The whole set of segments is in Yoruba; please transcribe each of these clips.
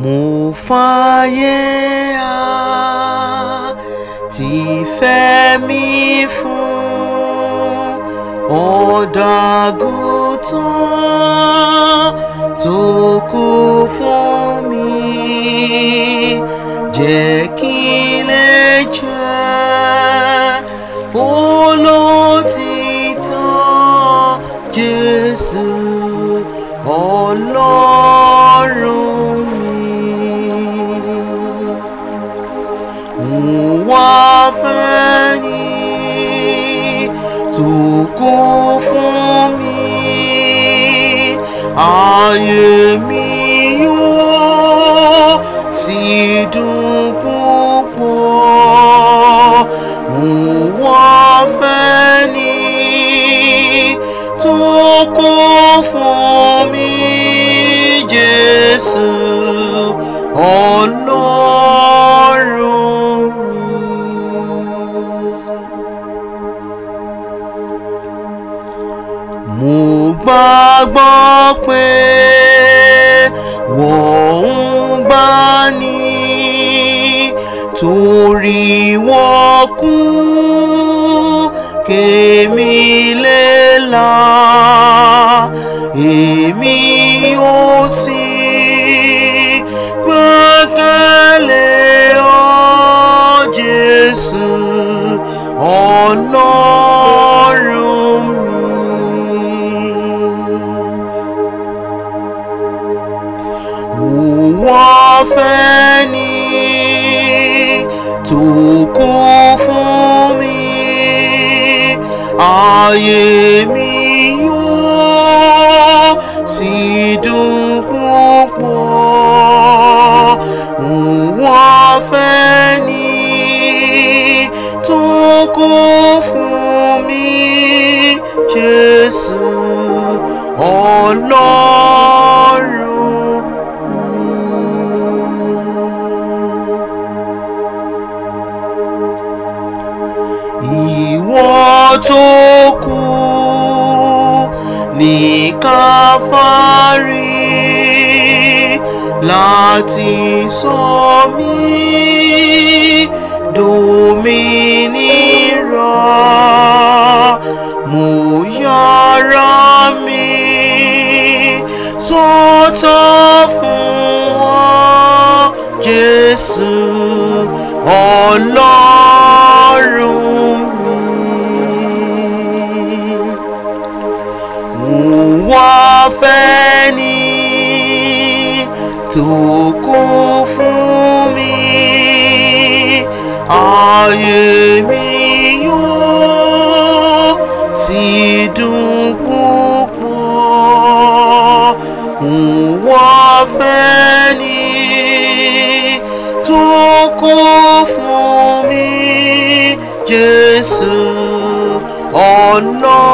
Mo f'àyè àtifẹ́ mi fún ọ̀dọ́ tó kú fún mi, jẹ́ kí lè jẹ́ olótìtọ́ Jésù. kún fún mi ayé mi yóò sì dùn púpọ̀ wọ́n fẹ́ ni tó kún fún mi Jésù ọlọ́run. gbọ́ pé wọ́n ń gbá ní torí wọ́n kú kèmí lè èmi ò sì gbẹ́kẹ̀lé ọ Jésù ọlọ́run. ọ̀fẹ́ ni tó kún fún mi ayé mi yóò sì dùn púpọ̀ òun ọ̀fẹ́ ni tó kún fún mi Jésù. Káfárì láti sọ mí dòmìnira mo yára mi sọ́tọ̀ fún ọ Jésù Ọlọ́run mi. wọ́n fẹ́ ni tó kún fún mi ayé mi yóò sì dùn púpọ̀ wọ́n fẹ́ ni tó kún fún mi Jésù ọ̀nà.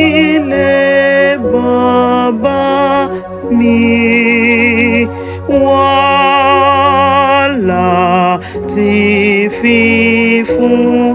Le baba mi wala ti fi fún.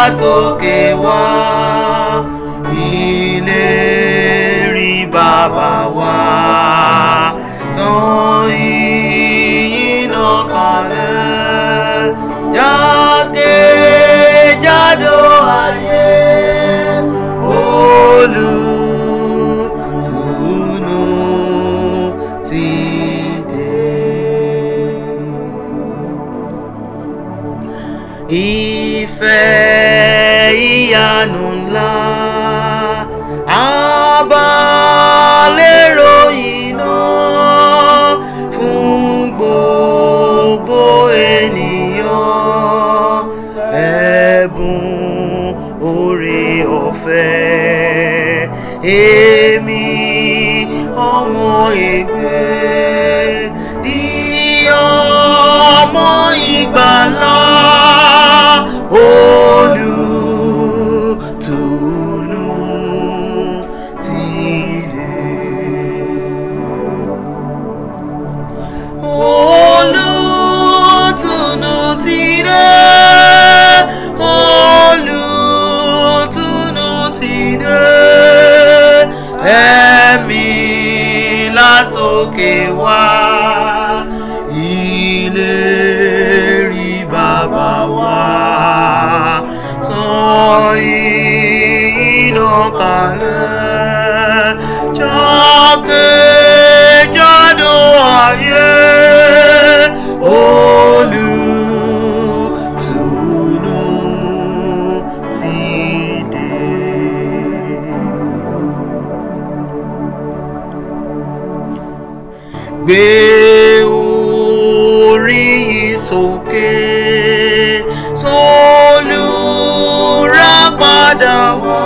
látòkè wá ilé rí bàbá wá. òkè wá ilé rí bàbá wá tán iná kalẹ̀ jákèjádò ayé. dánwò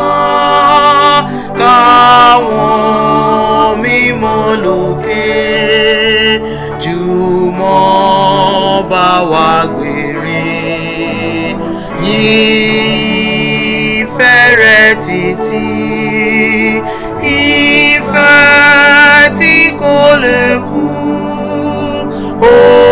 káwọn mímọ́ lókè jùmọ̀ bá wa gbèrè yìí fẹ́rẹ̀ títí ìfẹ́ tí kò lè kú. Oh.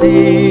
see.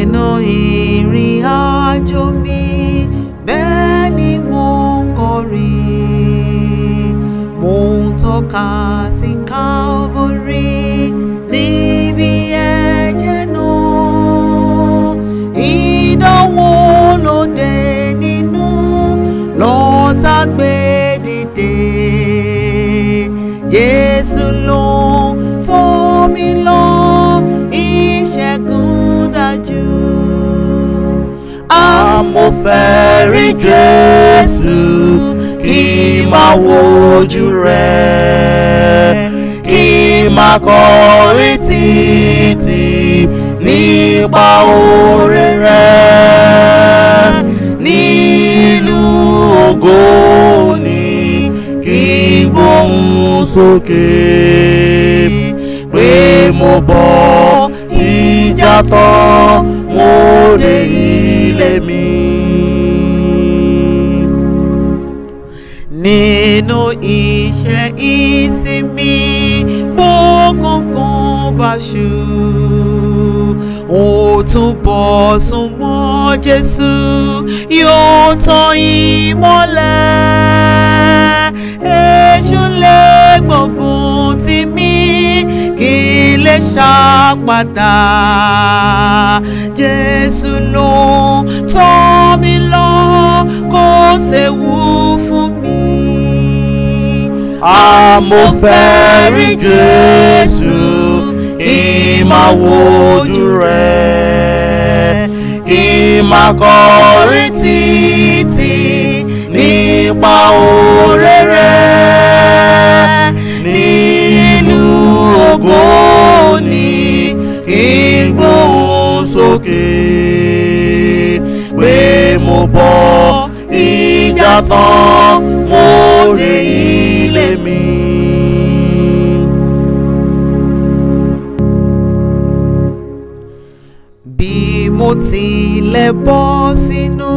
ẹnu ìrìn àjò mi bẹ́ẹ̀ ni mo ń kọrin mo ń tọ́ka sí Calvary níbi ẹ̀jẹ̀ náà ìdánwò ló dé nínú lọ́tà gbé dìde Jésù ló. fẹ́ rí Jésù kí máa wojú rẹ̀ kí máa kọrin títí nípa oore rẹ̀ nínú ògo ni kí n gbóhùn sókè pé mo bọ́ ìjà tán mo dé yìí. nínú iṣẹ́ ìsinmi gbógungun bá ṣú ó tún bọ̀ sún mọ́ Jésù yóò tan ìmọ́lẹ̀ èṣù lè gbógun tì mí kí lè ṣàpàdà Jésù ló tọ́ mi lọ kó ṣe wú fún mi a mo fẹ́ rí Jésù kí n máa wojú rẹ̀ kí n máa kọrin títí nípa oore rẹ̀ nínú ògo ni kí n gbóhùn sókè pé mo bọ́. Ya tán mo dé ilé mi. bí mo tilẹ̀ bọ́ sínú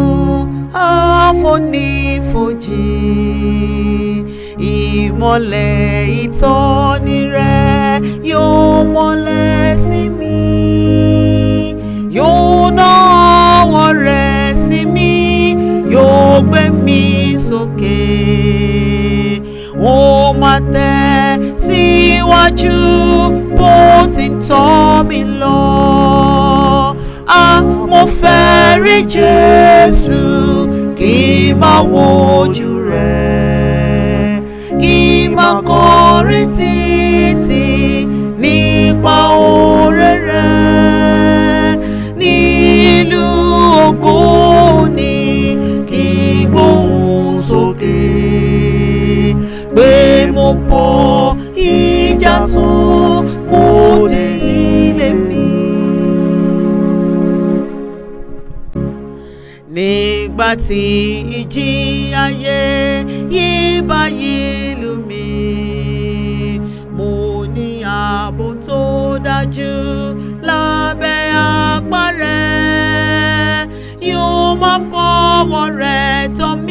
àfonífojì ìmọ̀lẹ̀ ìtọ́ni rẹ̀ yóò mọ́lẹ̀ sí mi. sókè ó máa tẹ̀ síwájú bó ti ń tọ́ mi lọ. a mo fẹ́ rí Jésù kí n máa wojú rẹ̀ kí n máa kọrin tí. ọ̀pọ̀ ìjà tó mú dé ilé mi. nígbà tí ìjì ayé yìí bá yí lù mí mo ní ààbò tó dájú lábẹ́ apá rẹ̀ yóò má fọwọ́ rẹ̀ tọ́ mi.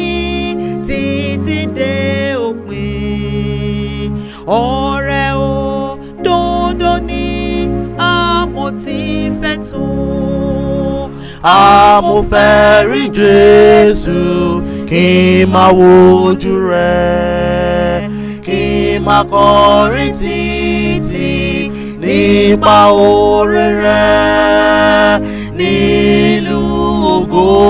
ọ̀rẹ́ o dòdò ni amòfin fẹ́ tó. amòfẹ́ rí jésù kí n máa wojú rẹ̀ kí n máa kọrin títí nípa oore rẹ̀ nílùú ògo.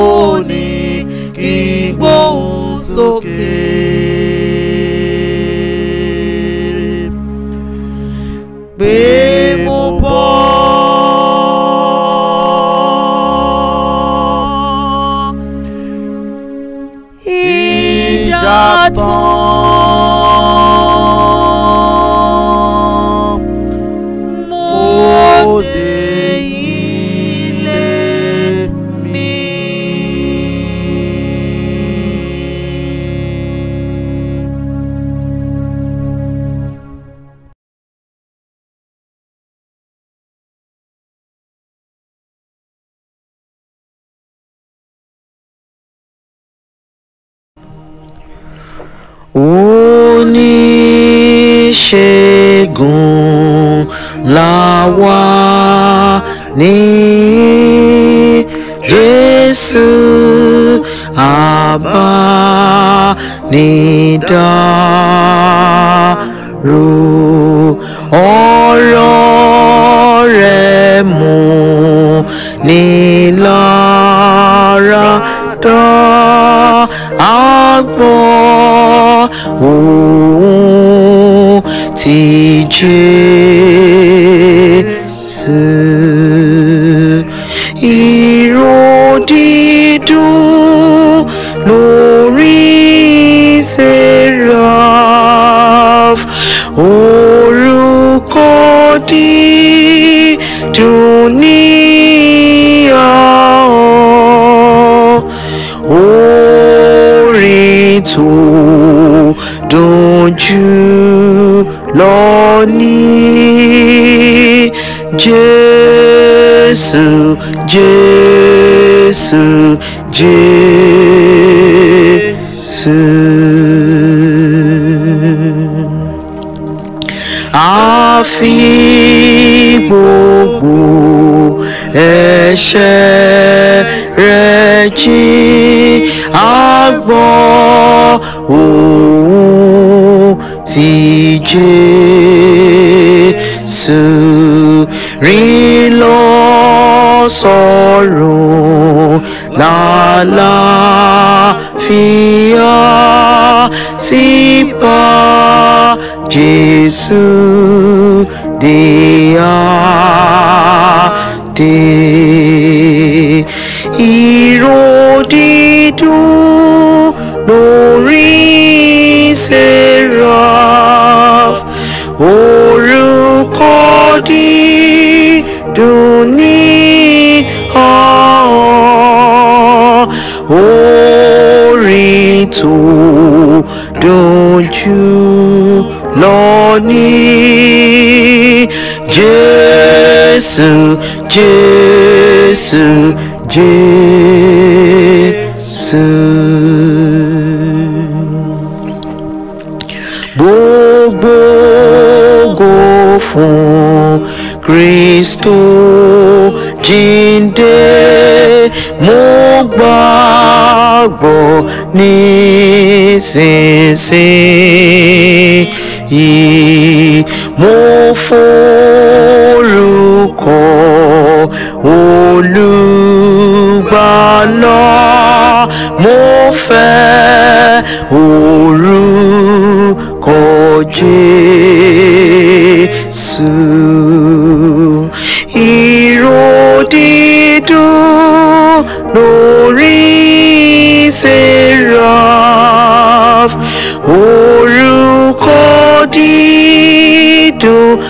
Jesus, Jesus, A fi gbogbo ẹ̀ṣẹ̀ rẹ̀ jí àgbọ̀ òun ti Jésù. sọ̀rọ̀ lálàáfíà sí bá Jésù dia àdé ìró dídùn lórí seraf orúkọ kodi ní. Jesus, Jesus. Jésù. Gbogbo ògo Christo. Kristo jíǹde ni gbàgbọ́ nísinsìnyí mo fún. kọ́ olùgbàlà mo fẹ́ orúkọ Jésù ìró dídùn lórí seraph orúkọ dídùn.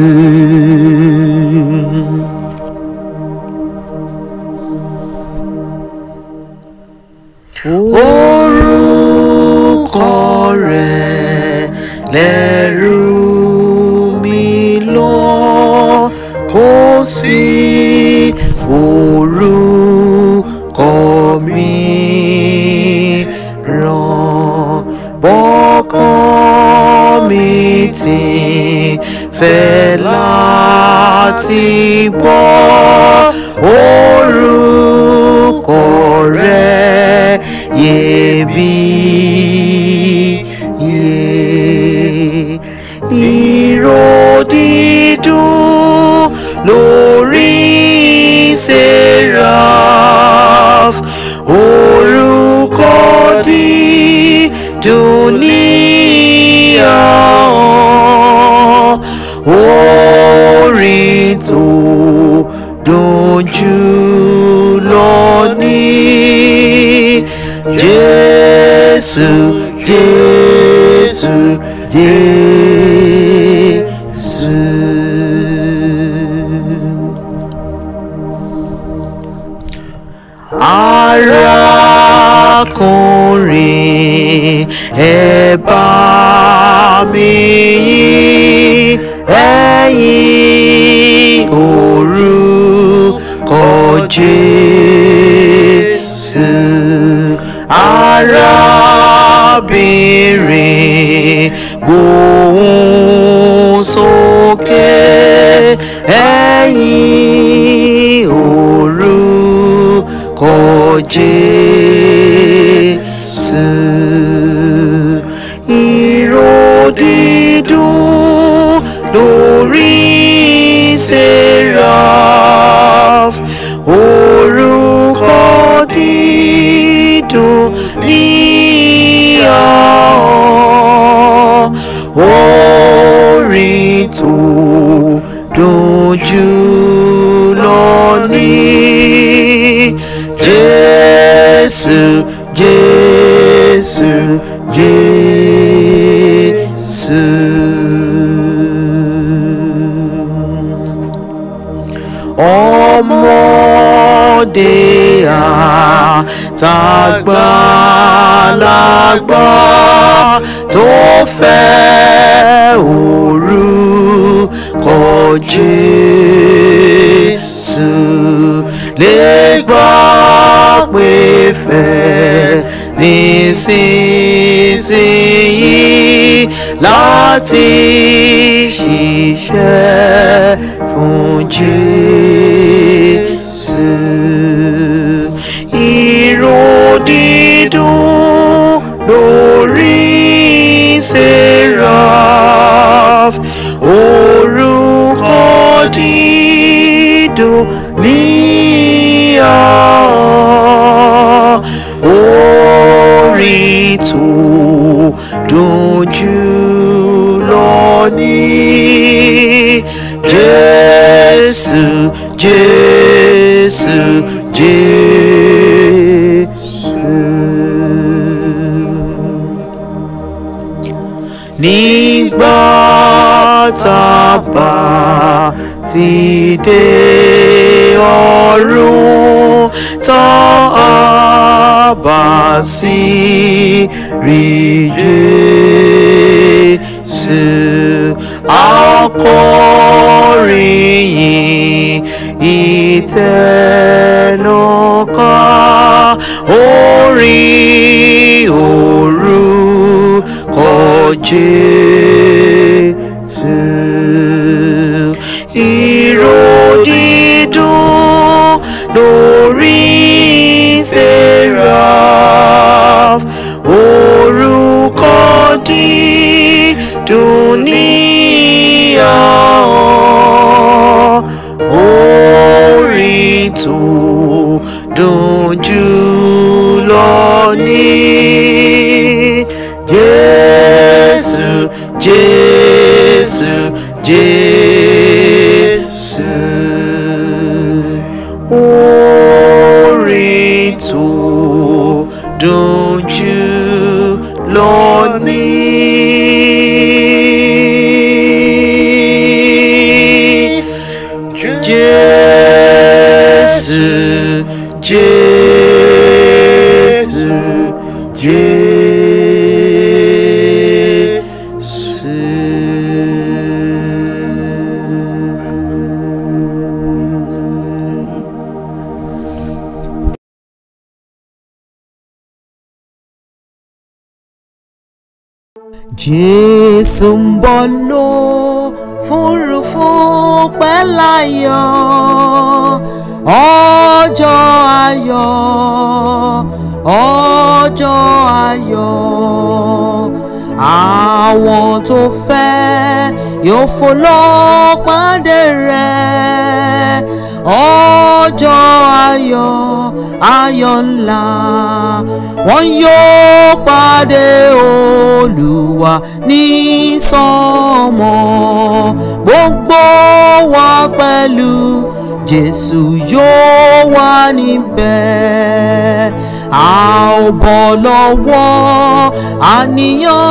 seraph orúkọ ní dùnìyàn orin tó dùn jésù jésù jésù. jù lọ ní Jésù Jésù Jésù. Ọmọdé àtàgbàlagbà tó fẹ́ orúkọ Jésù lè gbọ́ pé fẹ́ nísinsìnyí láti ṣiṣẹ́ fún Jésù. To me, ọ orin tó dùn jù Jesus, Jesus, Jesus, ni Jésù nígbà tá ti dé ọ̀run tán a bá sì rí Jésù akọrin ìtẹnukà orí òru kọ Jésù. seraph orúkọ dídùn ní ìyàn orin tó dùn jù lọ ní Jésù Jésù Jésù. jésù ń bọ̀ ló fúrufú pẹ́ láyọ̀ ọjọ́ ayọ̀ ọjọ́ ayọ̀ àwọn tó fẹ́ yóò fò pàdé rẹ̀ ọjọ́ ayọ̀ ayọ̀ ńlá wọn yóò pàdé olúwa ní sánmọ̀ gbogbo wa pẹ̀lú jésù yóò wà níbẹ̀ a ò bọ́ lọ́wọ́ àníyàn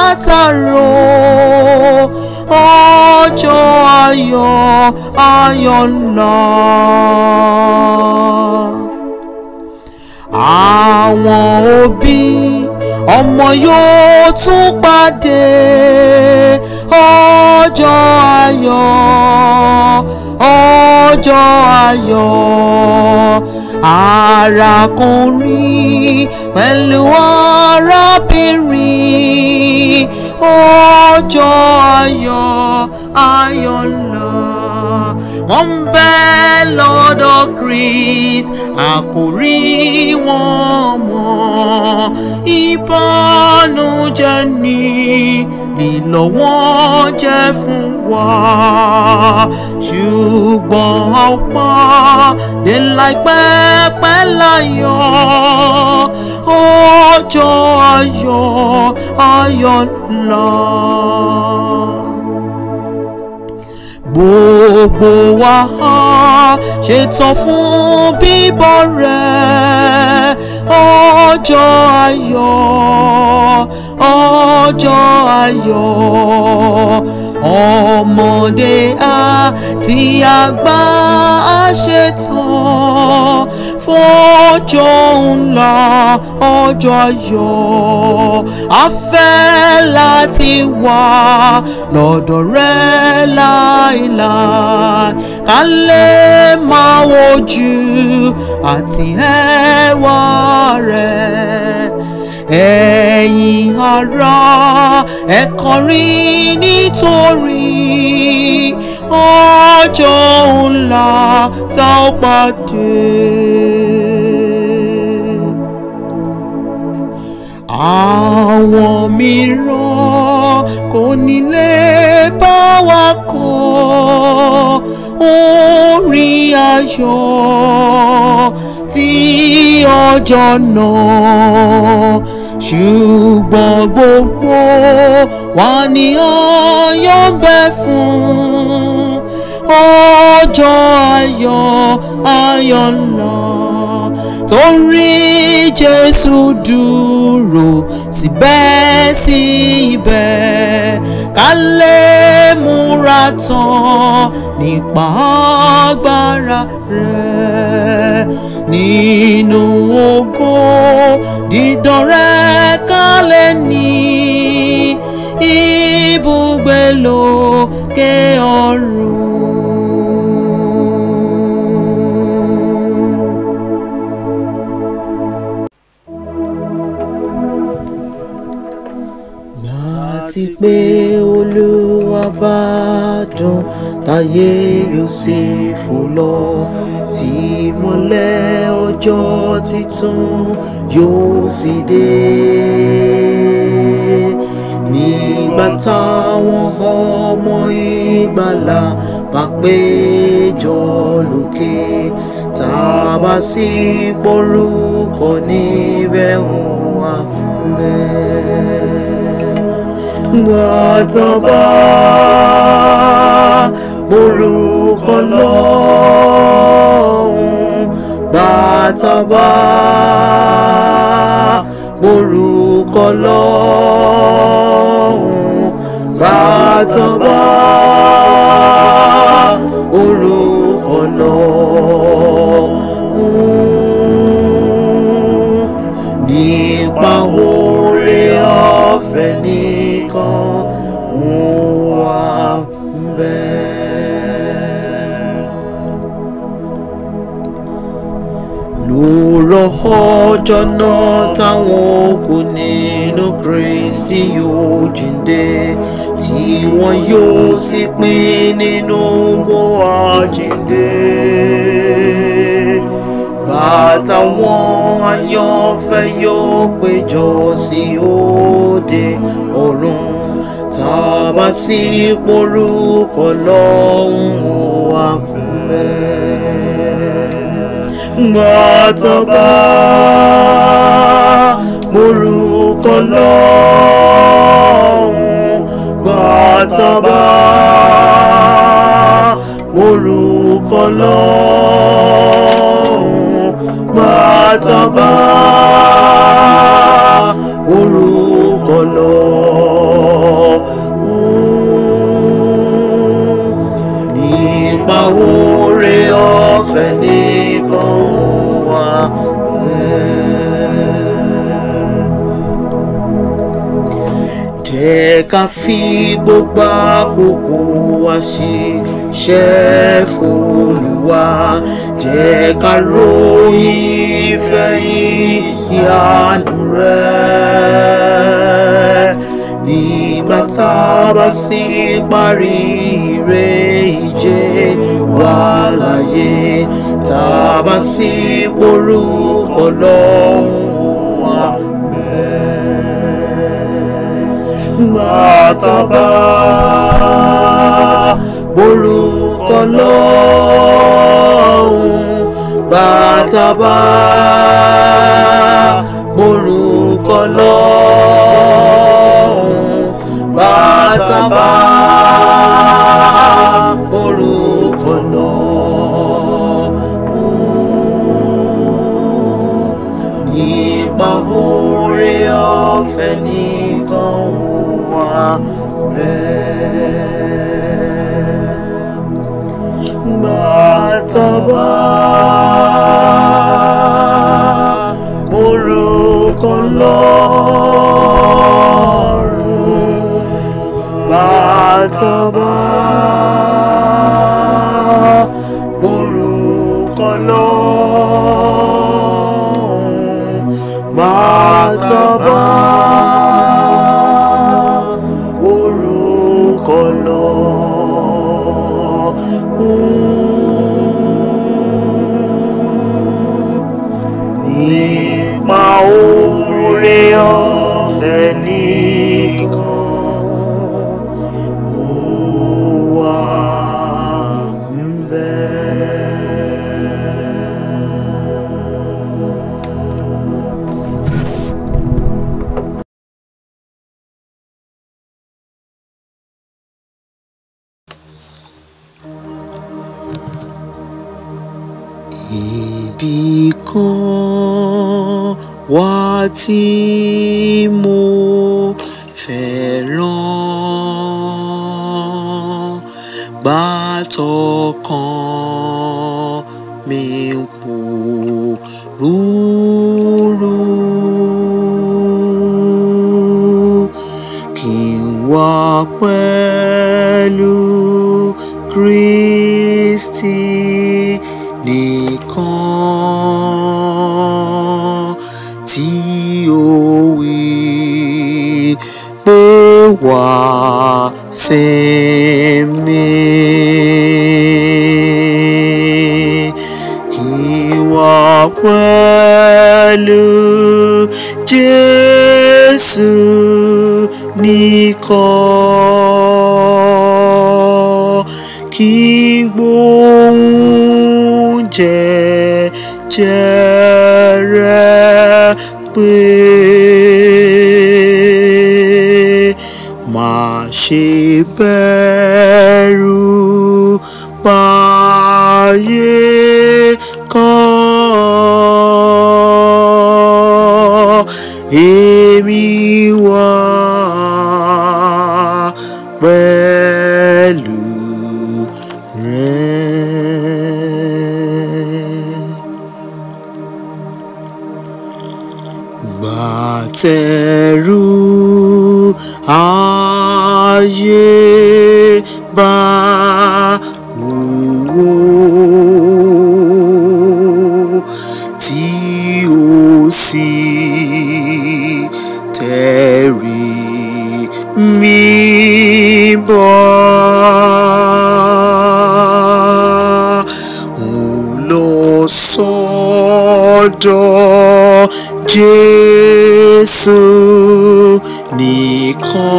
àtàrò ọjọ́ ayọ̀ ayọ̀ ńlá. àwọn òbí ọmọ yóò tún pàdé ọjọ́ ayọ̀ ọjọ́ ayọ̀ arákùnrin pẹ̀lú arábìnrin ọjọ́ ayọ̀ ayọ̀ lọ wọ́n ń bẹ lọ́dọ̀ Christ àkórí wọn mọ́ ìbọnújẹ́ ni ìlọ́wọ́ jẹ́ fún wa ṣùgbọ́n ọ̀pá dé láìpẹ́ pẹ́ láyọ̀ ọjọ́ ayọ̀ ayọ̀ ńlá gbogbo wa ṣetán fún bíbọ̀ rẹ̀ ọjọ́ ayọ̀ ọjọ́ ayọ̀ ọmọdé àti àgbà àṣetán fọjọ́ ńlá ọjọ́ yọ afẹ́ láti wà lọ́dọ̀ rẹ láìláì ká lè máa wojú àti ẹwà rẹ ẹ̀yin ará ẹ kọrin nítorí ọjọ́ ńlá tá ó pàdé. àwọn mìíràn kò ní lè bá wa kọ orin ayọ̀ tí ọjọ́ náà ṣùgbọ́n gbogbo wa ni ọyọ́ ń bẹ fún ọjọ́ ayọ̀ ayọ̀ ńlá torí Jésù dúró síbẹ̀síbẹ̀ ká lè múra tán nípa agbára rẹ̀ nínú ògo dídán rẹ̀ ká lè ní ibùgbé lókè ọ̀run. rántí pé olúwa bá dùn táyé Jósẹ́fù lọ tí mọ́lẹ̀ ọjọ́ titun yóò sì dé nígbà táwọn ọmọ ìgbàlà bá péjọ lókè tá a bá níbẹ̀ ń wà mẹ́ẹ̀ gbàtàn bá orúkọ lọ́hùn gbàtàn bá orúkọ lọ́hùn gbàtàn bá orúkọ nìkan ń wà bẹ́ẹ̀. lòrọ̀ ọjọ́ náà táwọn òkú nínú Kristi yóò jíǹde tí àtàwọn àyànfẹ́ yóò péjọ sí òde ọ̀run tàbá sí porúkọ lọ́hùn ó àpẹ́ gbàtàbá porúkọ lọ́hùn gbàtàbá porúkọ lọ́hùn máa tàn bá orúkọ lọ. Hmm, nípa oore ọ̀fẹ́ nìkan wà. Hmm, jẹ́ ká fi gbogbo àkókò wa ṣe ṣẹ́ f'Olúwa jẹ́ ká ròyìn ìfẹ́ ìyanu rẹ̀ nígbà tá a bá sì parí ire ìje wà láyé tá a bá sì porúkọ lọ́hùn wa bẹ́ẹ̀ orúkọ lọ́hùn bàtàbà orúkọ lọ́hùn bàtàbà orúkọ lọ́hùn nípa oore ọ̀fẹ́ nìkan wà bẹ́ẹ̀. àtàbà orúkọ lọ́rùn bàtàbà orúkọ lọ́rùn bàtàbà. orúkọ lọ́rùn.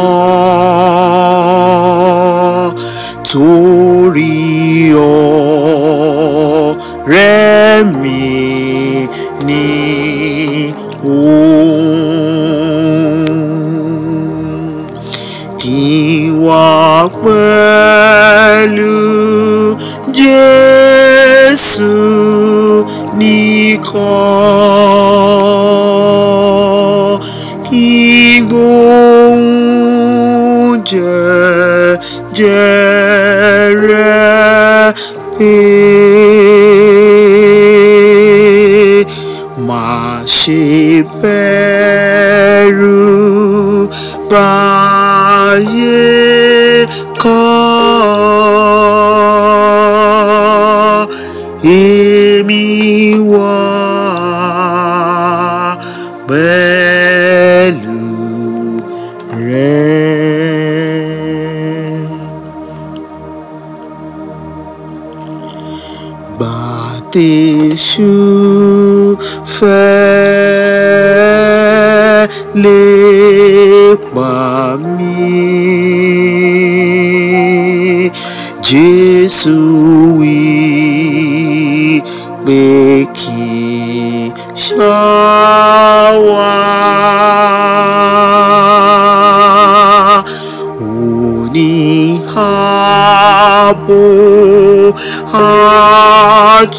Oh. Jẹ́rẹ́ pé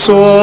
sou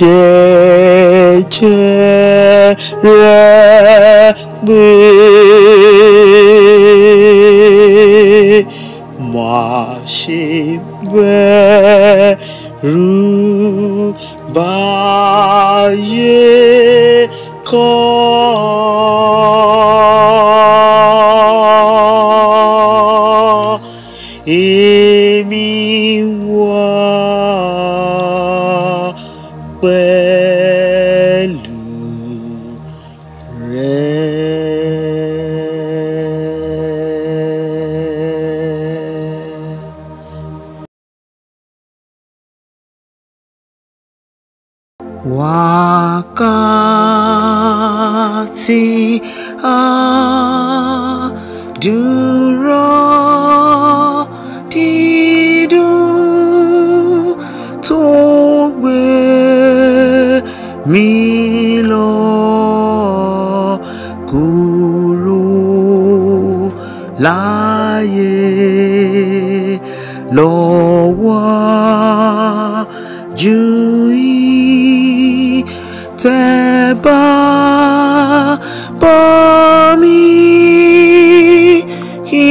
che che re mílò kúrò láyé lọ́wọ́ ju ìtẹ́ bá bọ́ mi kí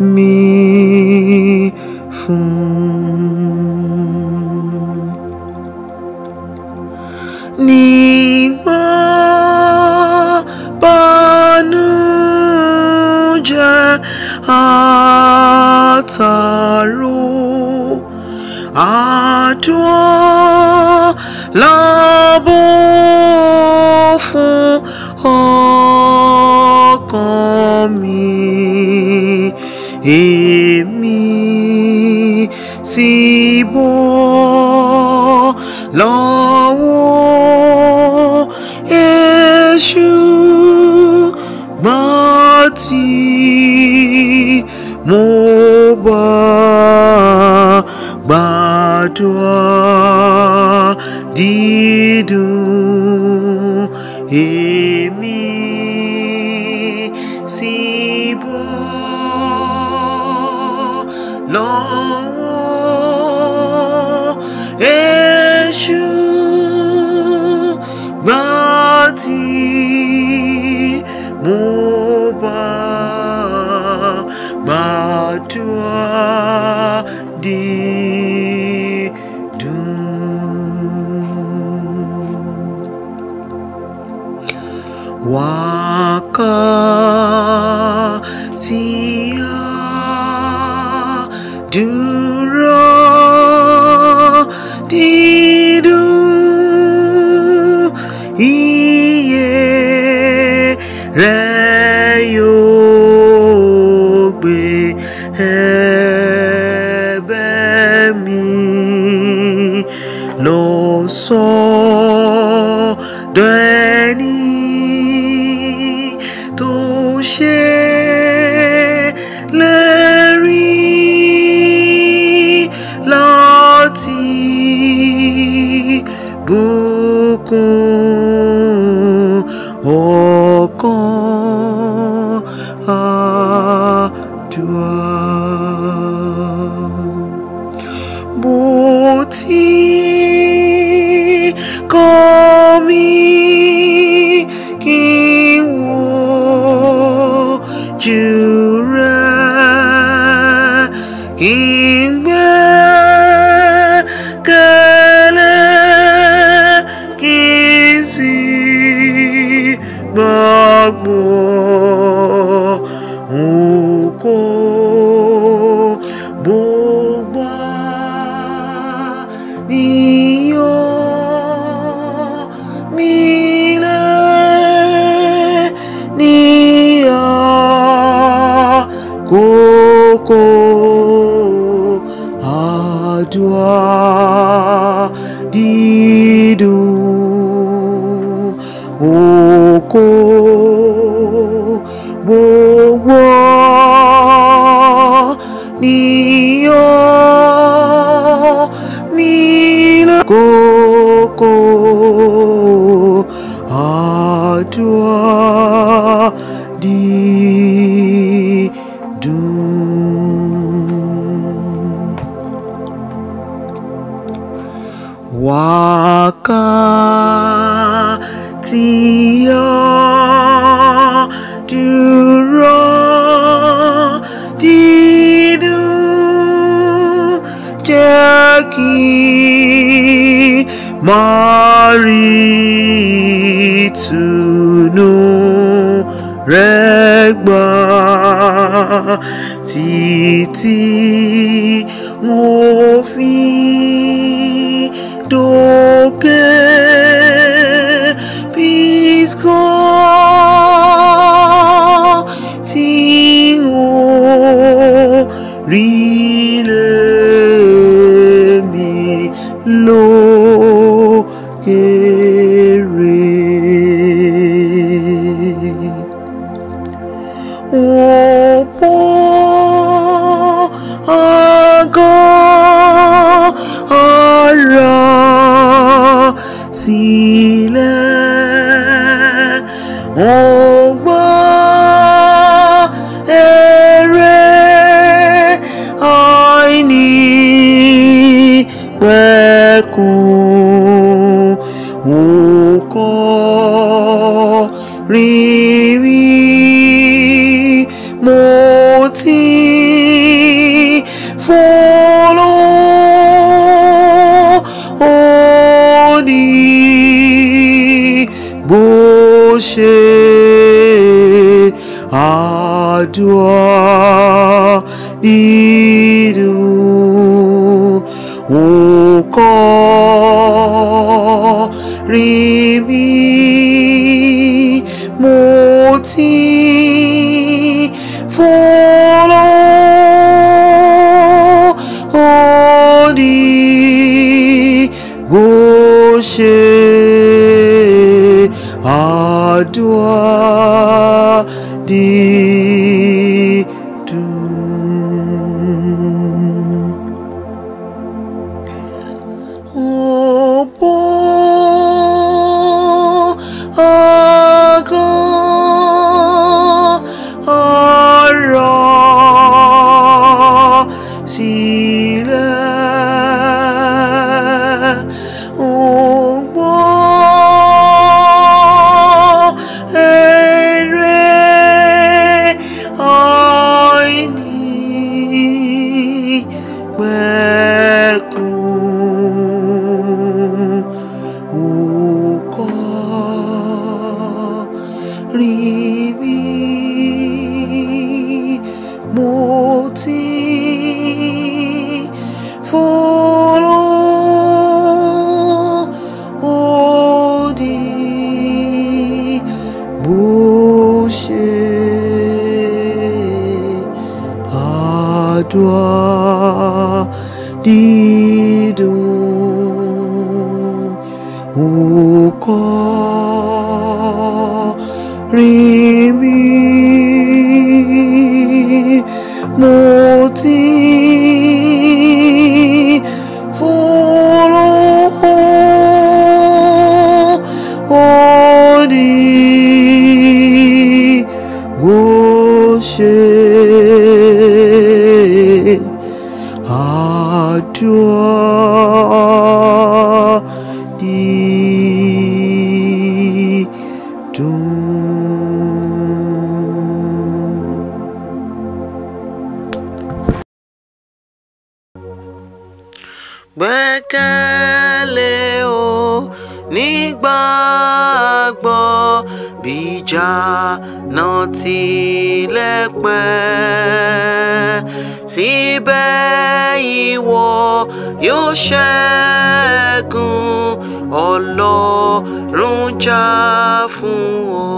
弥风，尼玛巴努阿扎阿拉 èmi sì bọ́ lọ́wọ́ èṣù mọ́ tí mo bá ba sọ dẹni tó ṣe lẹ́rìí láti bùkún ọkàn. toi, Didou, au Wakati ya dúró dídú jaki mari tunu rí títí mo ¡No! ẹkún nǹkan rírí mo ti follow. ṣe àdúrà lè o nígbàgbọ́ bíjà náà tilẹ̀ pẹ́ síbẹ̀ ìwọ yóò ṣẹ́gun ọlọ́run jà fún ọ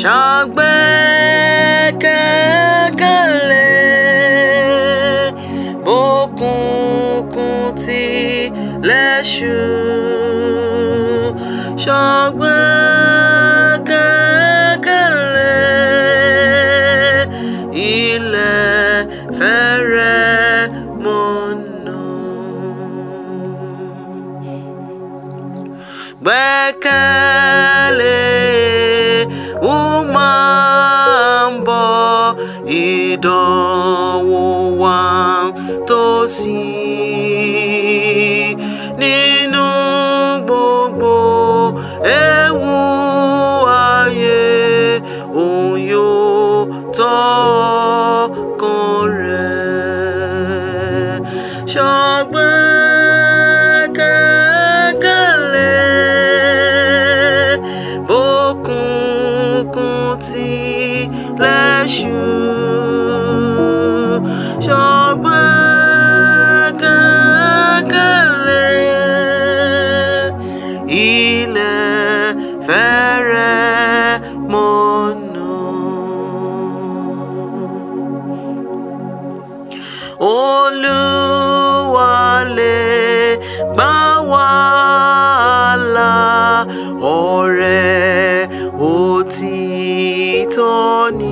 ṣàgbẹ́kẹ̀kẹ̀ lé. lẹ́ṣù ṣọgbọ́n kékeré ilẹ̀ fẹ́rẹ̀ mọ́nà. gbẹ́kẹ̀lé ó máa ń bọ̀ ìdánwò wa tó sì. on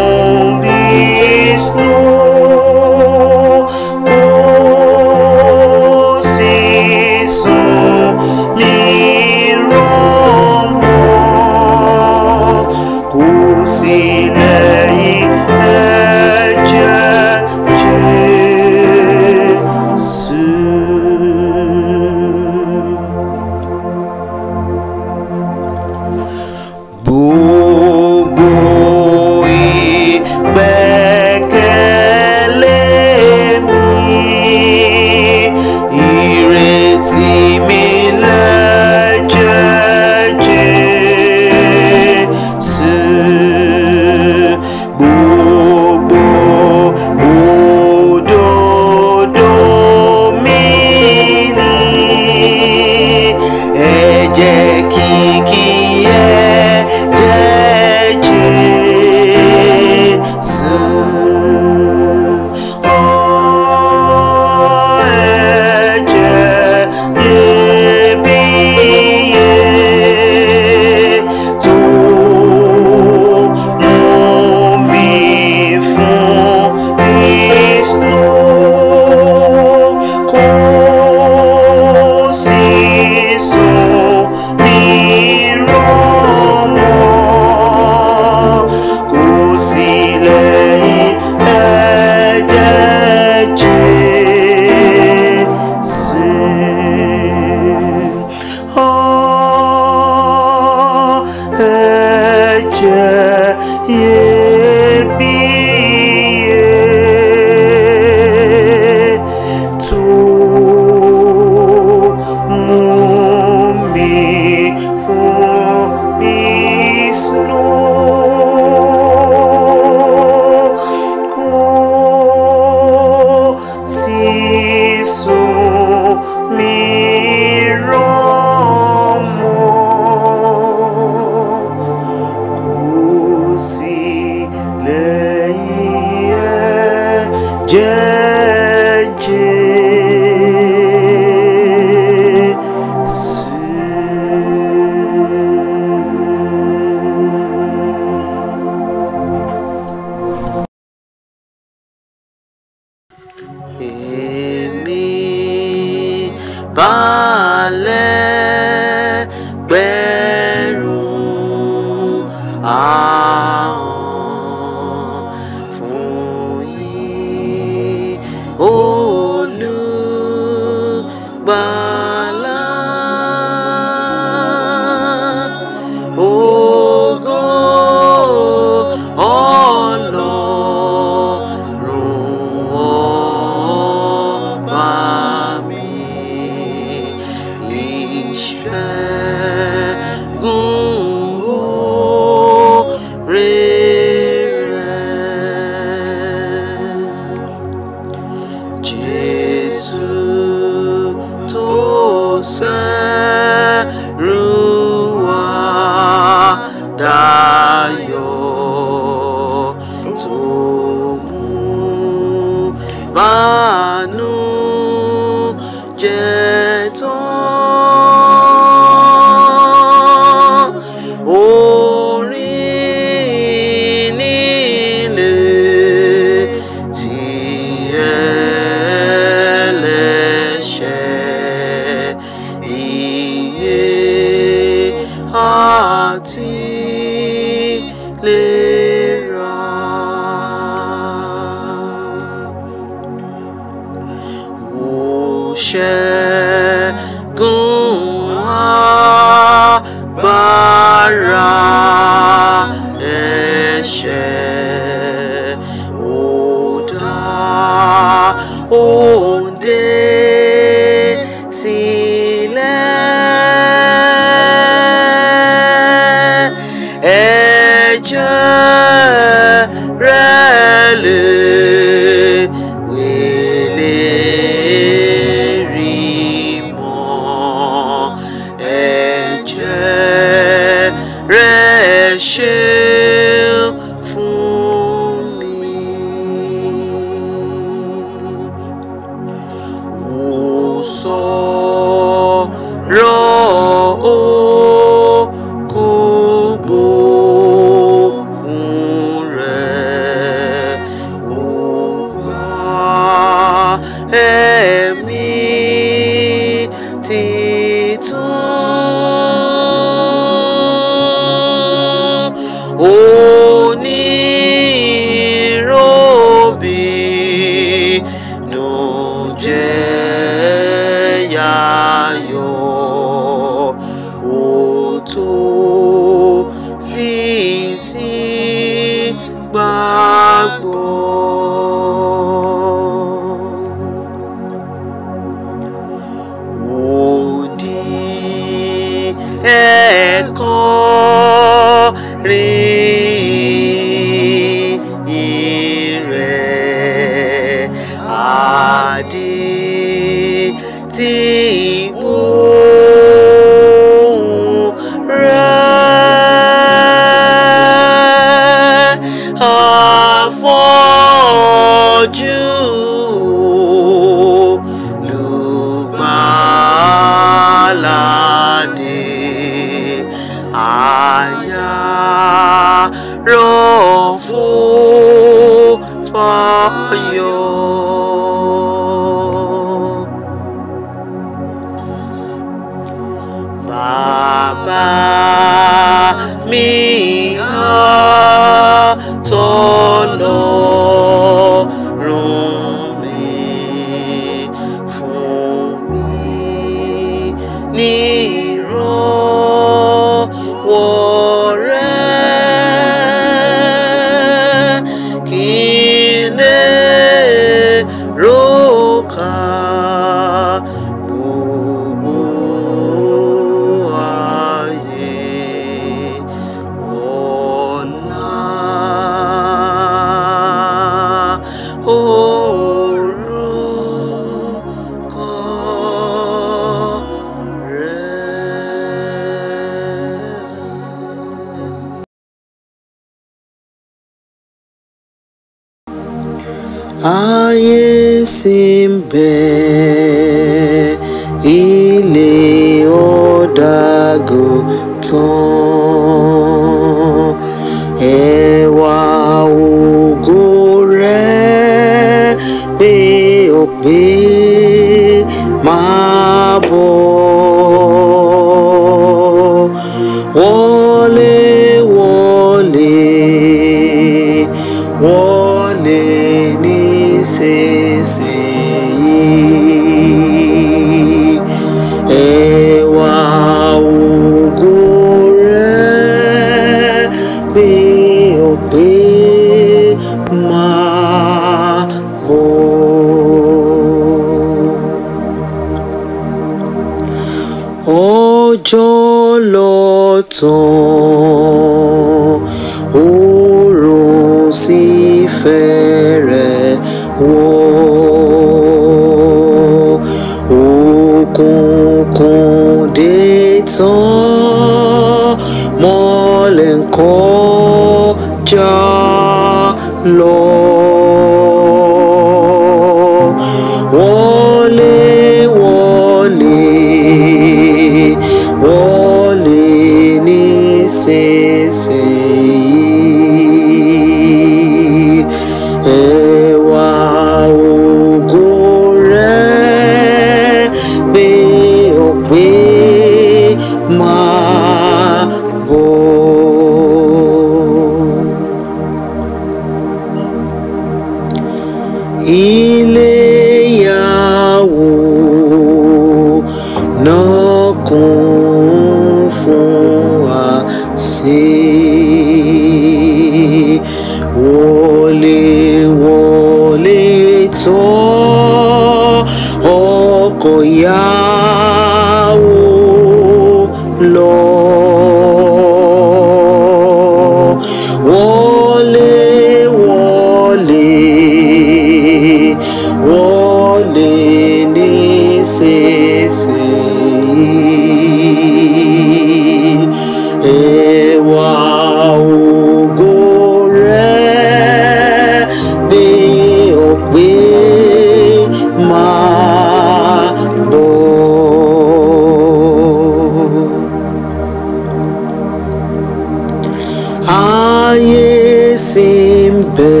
sì ń bẹ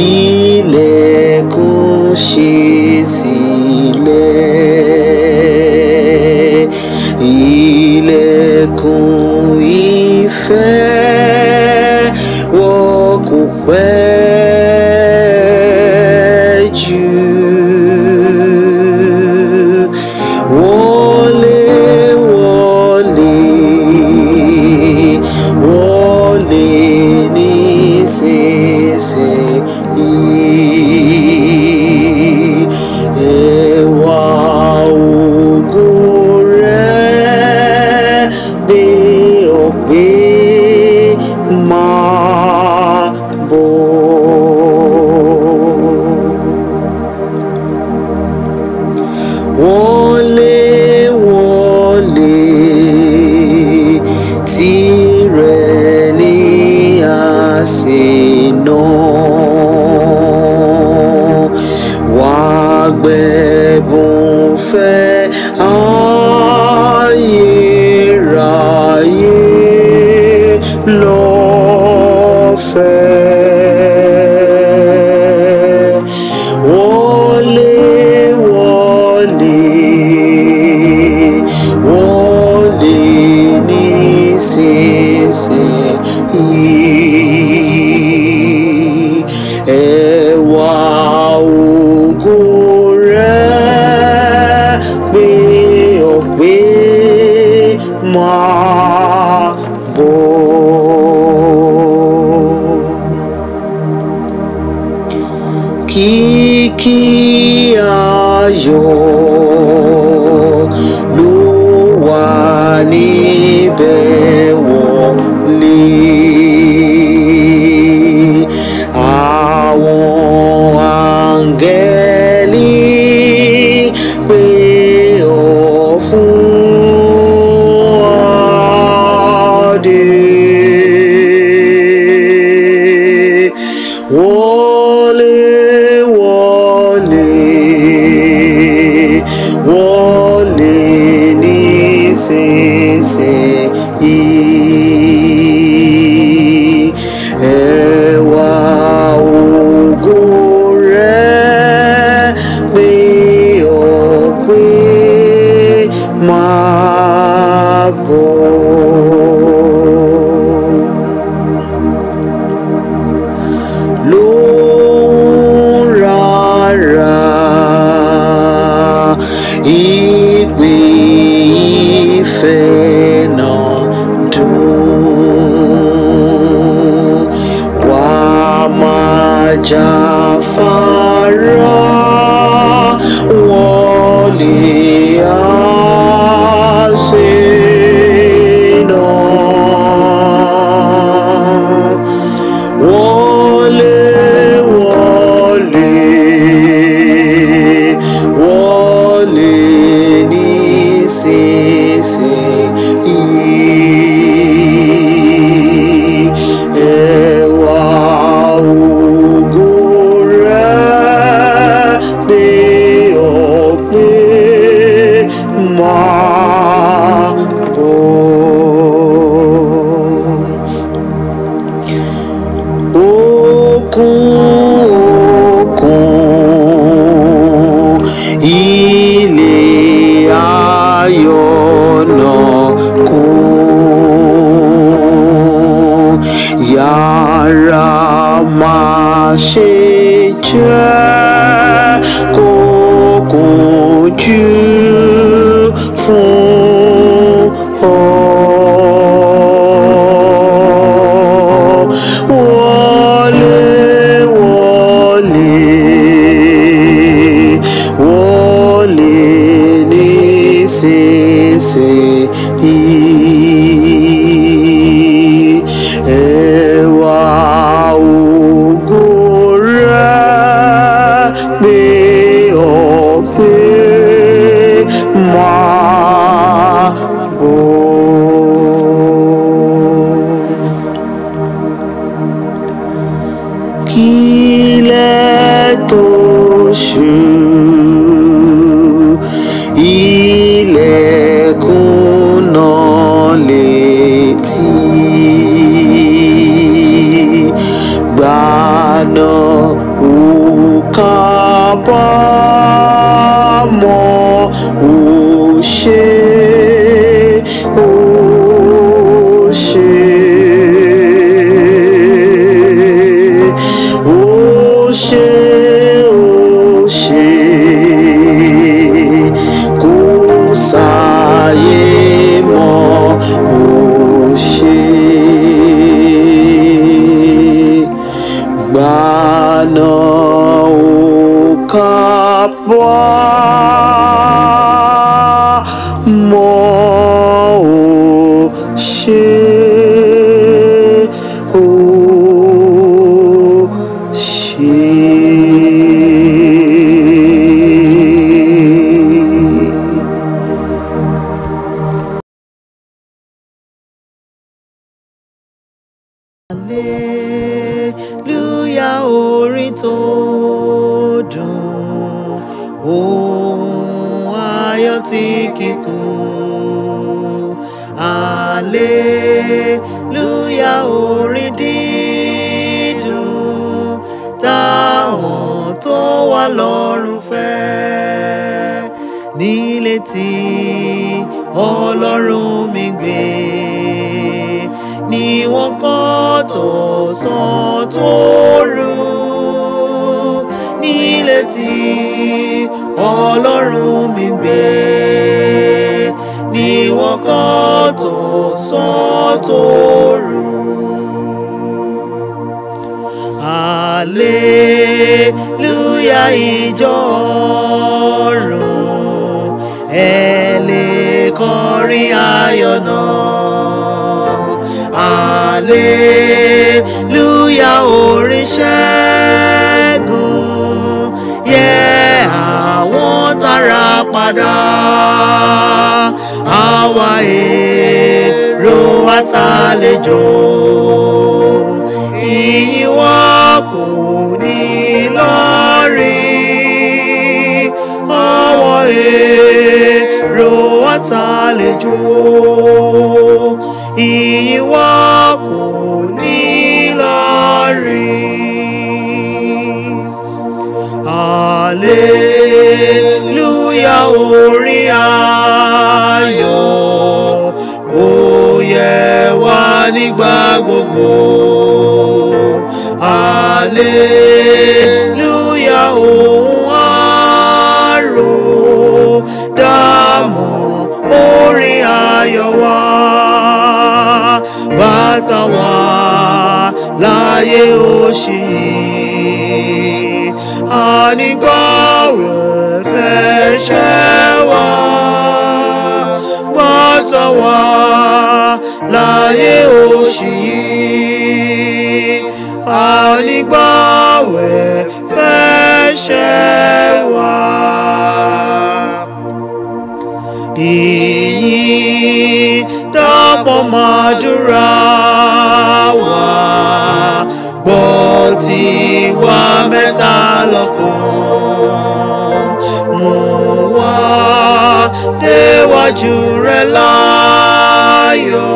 ilẹ̀kùn ṣe sílẹ̀ ilẹ̀kùn. ṣe jẹ́ kò kò upon ọ̀sán tóru. Aleluya ìjọ ọ̀run ẹ lè kọrin ayọ̀ náà. Aleluya orin ṣẹ́gun yẹ àwọn tara padà àwa èèyàn àtàlejò ìwọ kò ní lọ́rí ọwọ́ èrò àtàlejò ìwọ kò ní lọ́rí hallelujah orí àná. nígbà gbogbo. Aleluya ohun àrò dààmú orin ayọ̀ wa bàtà wa láyé òṣì yìí. Àní fẹ́ ṣẹ́. wà láyé oṣù yìí ànígbàwẹ̀ fẹ́ṣẹ̀ wà. Èyí dábọ̀ máa dúra wá bọ́ ti wá mẹ́ta lọ́kàn mú wá déwájú rẹ láyọ̀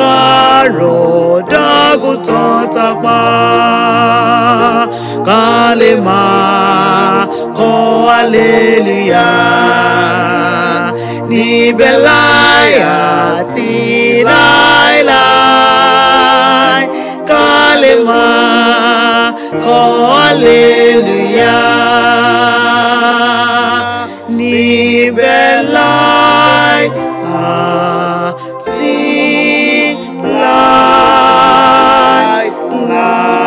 kárọ̀ dágùtàn tapá ká lè máa kọ́ aleluya níbẹ̀ láyé àti láéláé ká máa kọ́ aleluya. ibẹ̀ láì àti láì láì.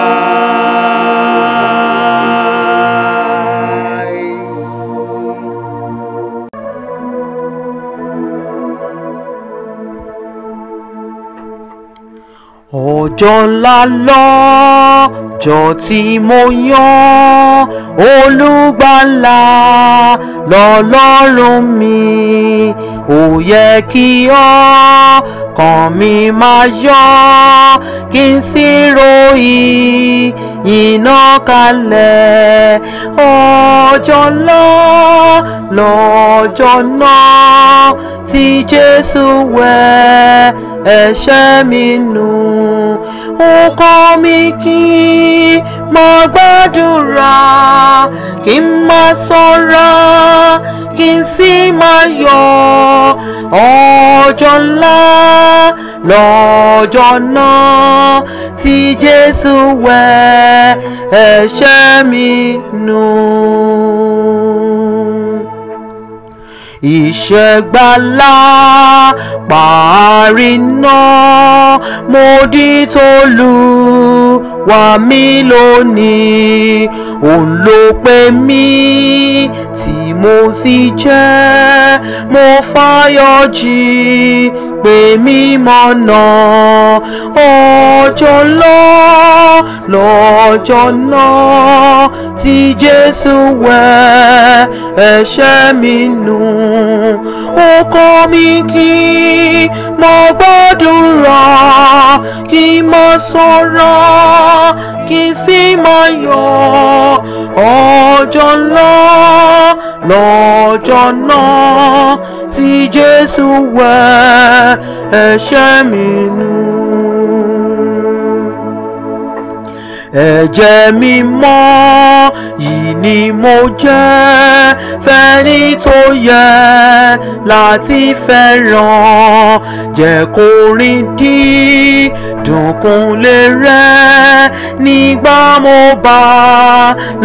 ọjọ́ ńlá lọ́ọ́. ìjọ tí mo yàn olùgbàlà lọ́lọ́run mi ò yẹ kí ọkàn mi máa yọ̀ kí n sì ròyìn iná kalẹ̀ ọjọ́ náà lọ́jọ́ náà tí Jésù wẹ̀ ẹ̀ṣẹ̀ mi nù ó kọ́ mi kí mo gbàdúrà kí n máa ṣọ́ra kí n sì máa yọ ọjọ́ ńlá lọ́jọ́ náà tí Jésù wẹ ẹ̀ṣẹ̀ mi nù. No ìṣẹ̀gbàlà parí náà mo dí tolú wá mi lónìí òun ló pè mí tí mo sì jẹ́ mo fáyọ̀ jí pè mí mọ̀nà ọjọ́ lọ lọ́jọ́ náà tí Jésù wẹ ẹ̀ṣẹ̀ mi nù oko mi kí mo gbàdúrà kí mo sọ̀rọ̀ kí sì máa yọ̀ ọjọ́ ńlá lọ́jọ́ náà tí Jésù wẹ ẹ̀ṣẹ̀ mi nù ẹ̀jẹ̀ mímọ́ yìí ni mo jẹ́ fẹ́ni tó yẹ láti fẹ́ràn jẹ́ kó rìn dí dùnkúnlé rẹ̀ nígbà mo bá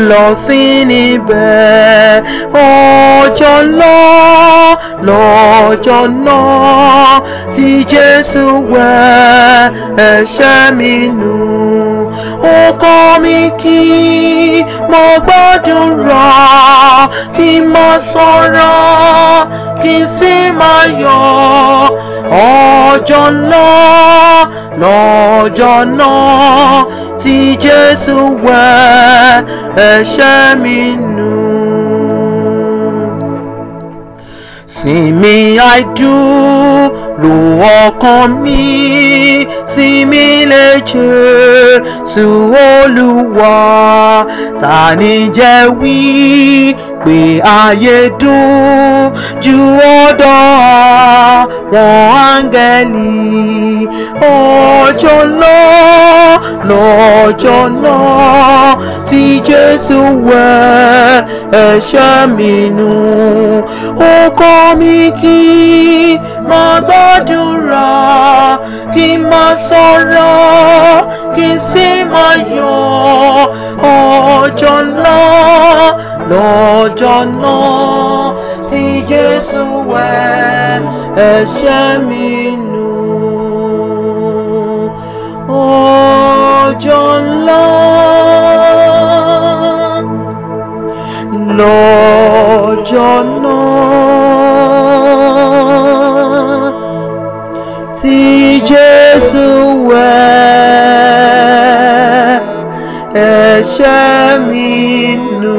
lọ sí níbẹ̀ ọjọ́ náà lọ́jọ́ náà tí Jésù wẹ̀ ẹ̀ṣẹ̀ mi nù ọkọ mi kí mo gbàdúrà kí mo sọ̀rọ̀ kí n sì máa yọ̀ ọjọ́ náà lọ́jọ́ náà tí Jésù wẹ ẹ̀ṣẹ̀ mi nù. See I do lu ọkàn mi sí mi léṣe sí olúwa ta ni jẹ́ wí pé ayé dùn ju ọ̀dọ̀ àwọn áńgẹ́lì ọjọ́ náà lọ́jọ́ náà tí jésù wẹ̀ ẹ̀ṣẹ̀ mi nù ó kọ́ mi kí mo gbàdúrà kí n má sọ̀rọ̀ kí n sì má yọ̀ ọjọ́ náà lọ́jọ́ náà tí Jésù wẹ̀ tí Jésù wẹ̀ ẹ̀ṣẹ̀ mi nù.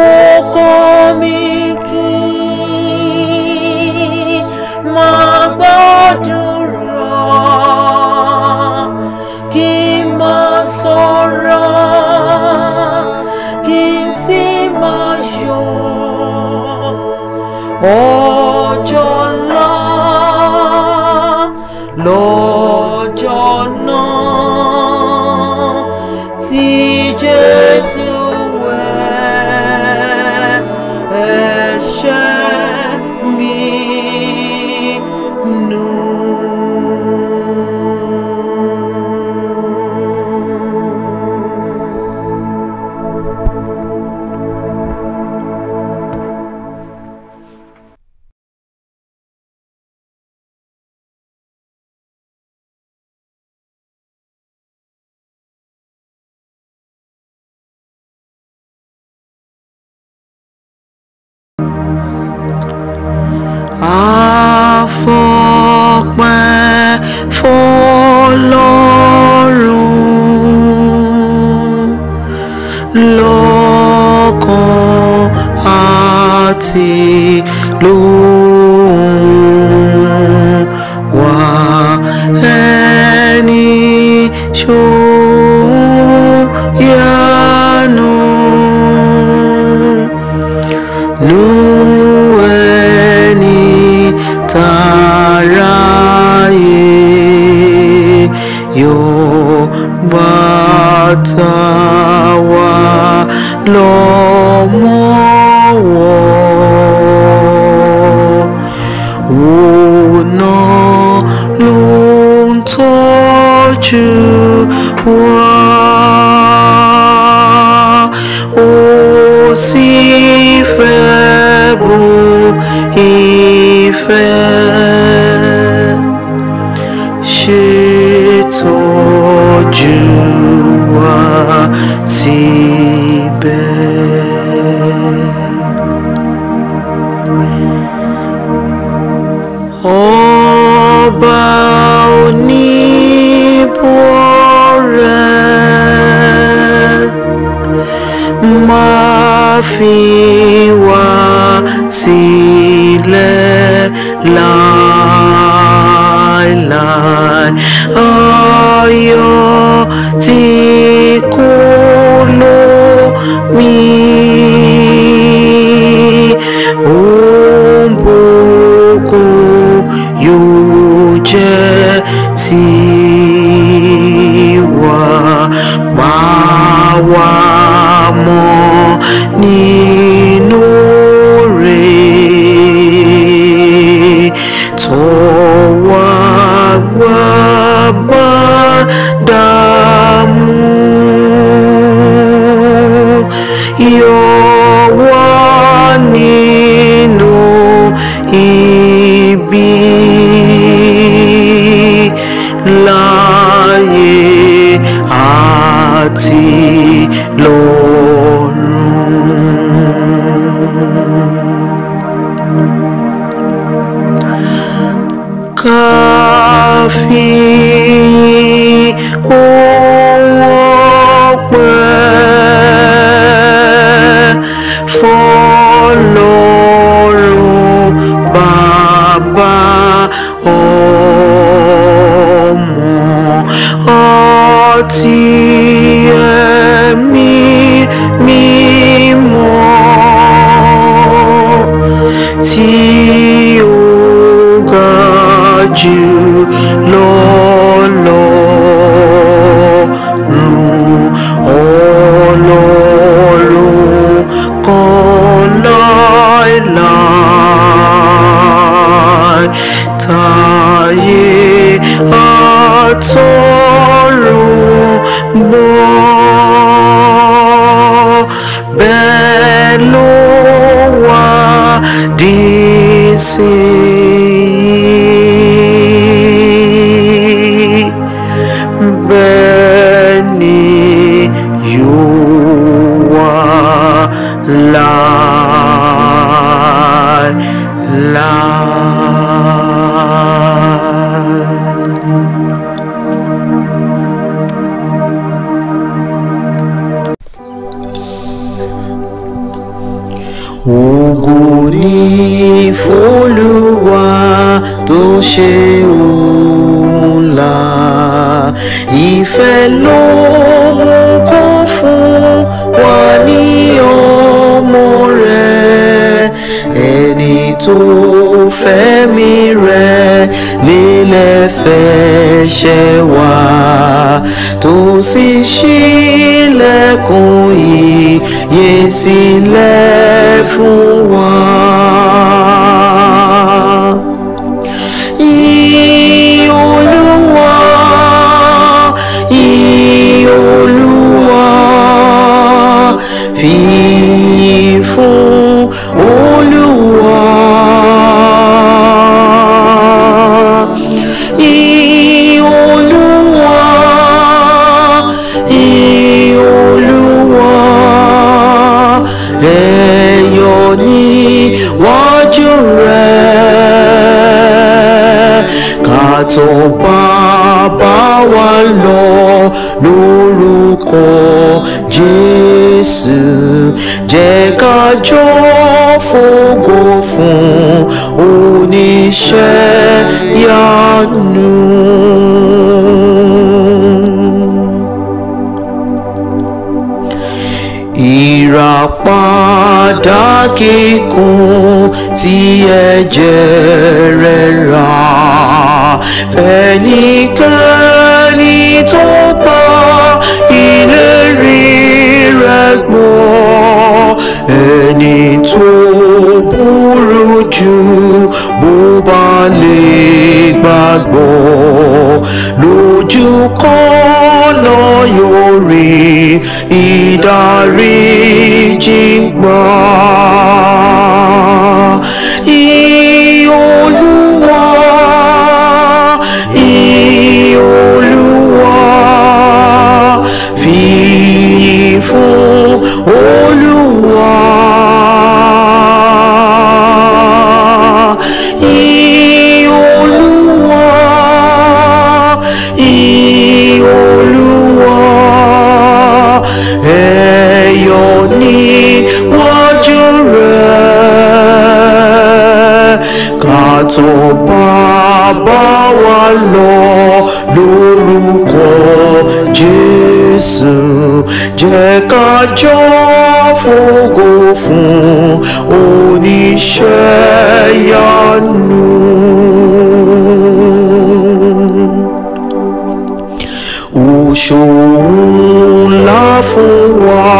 Ó kọ́ mi kí máa gbọ́dọ̀. oh, la, Lord. iṣẹ́ yanu. Ìràpadà kíkún tí ẹ̀jẹ̀ rẹ̀ rà fẹ́nikẹ́ni tó pa ìlérí rẹ̀ gbọ́ ẹni tó bó bá lè gbàgbọ́ lójú kọ́nà yóò rí ìdáríjì gbọ́. lọ lórúkọ Jésù jẹ́ ká jọ fògo fún oníṣẹ́ yanu. òṣòwò ńlá fún wa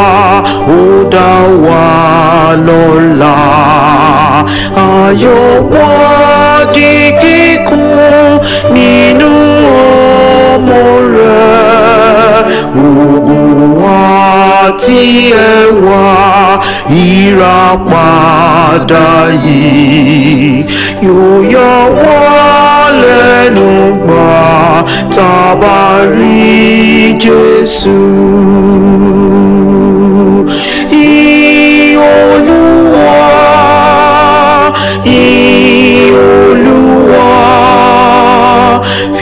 ó dá wa lọ́lá ayọ̀ wa di kíkọ́ nínú ọmọ rẹ̀ ògùn àti ẹwà ìràpadà yìí yóò yọ wọ́n lẹ́nu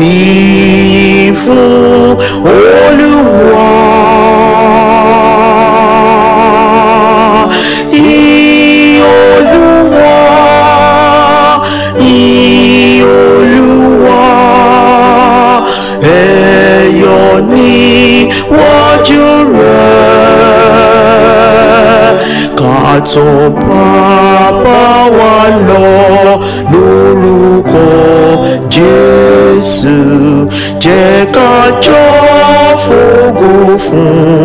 fi yìn fún Olúwa. Yìn Olúwa, yìn Olúwa, ẹ yọ̀ níwájú rẹ̀ ká tó bá wa lọ lórúkọ Jésù jésù jẹ́ ká jọ fògo fún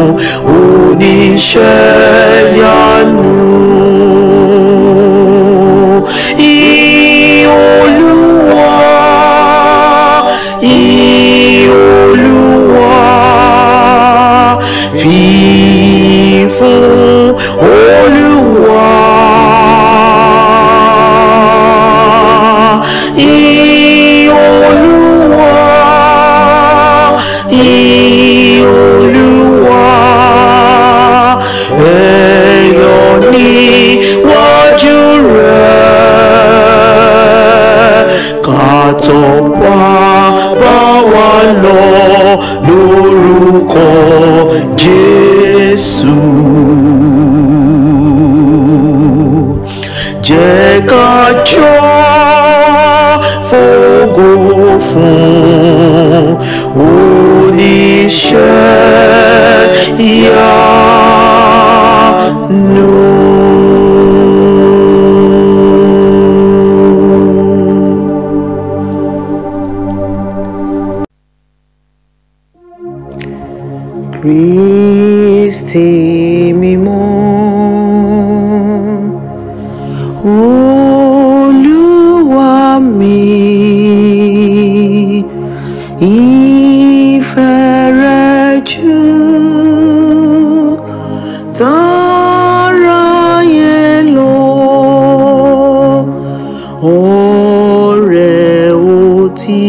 oníṣẹ́ yanu. tó wá bá wa lọ lórúkọ Jésù. Jẹ́ ká jọ fògo ọ̀rẹ́ òtí.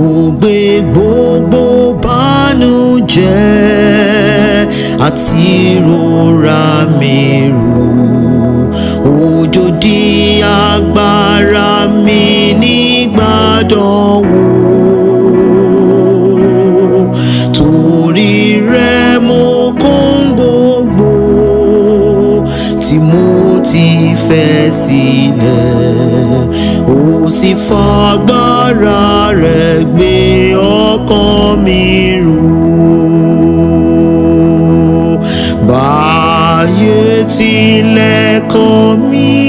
ògbé gbogbo bánújẹ́ àti ìrora mi rù òjò di agbára mi nígbàdàn. sílẹ̀ ó sì fagbára rẹ̀ gbé ọkàn mi rù báyé tilẹ̀ kọ̀ mí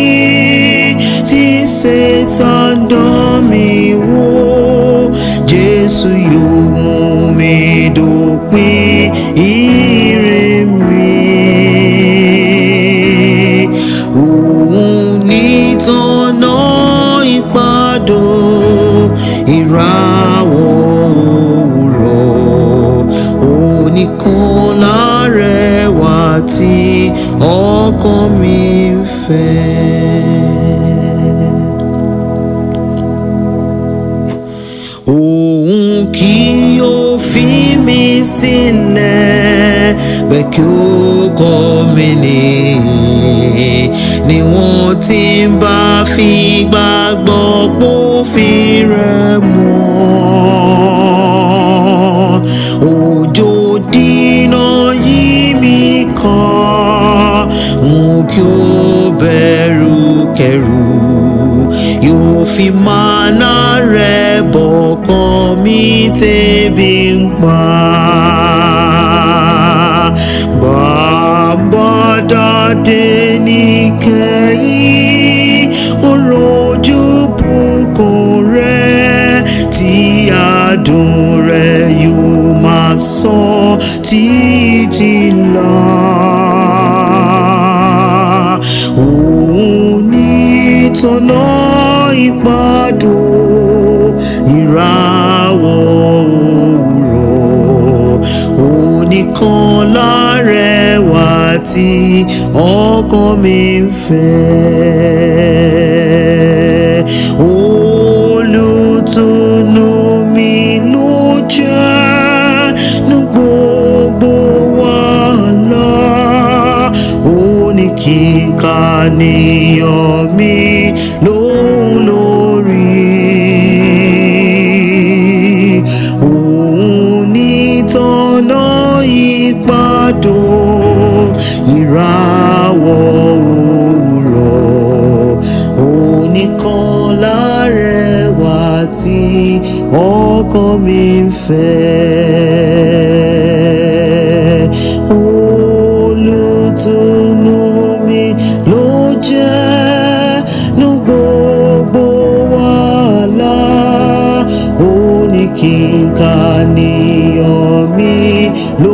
tí ṣètàn dán mi wò Jésù yóò. fẹ́. Òun kì yóò fi mí sílẹ̀ bẹ́ẹ̀ kí ó kọ́ mi ní ni wọ́n ti bá fi gbàgbọ́ pò fi rẹ̀ mọ́. Òjò dínà yí mi kan, n kí ó kẹrù yóò fi mánà rẹ̀ bọ̀kan mi tẹ́bi ń pa. Gbàmbọ́dọ́dé ní kẹ́yìn olójú bùkún rẹ̀ tí adùn rẹ̀ yóò máa sọ títí lọ. sọ̀nà ìpadò ìràwọ̀ òwúrọ̀ onìkan lárẹwà tí ọkàn mi ń fẹ́. olùtùnú mi ló jẹ́. kíkà níyàn mi lólórí òun ní tọ́nà ìpàdó ìràwọ̀ òwúrọ̀ òun nìkan lárẹwà tí ọkọ mi ń fẹ́ olùtú. Kinka lu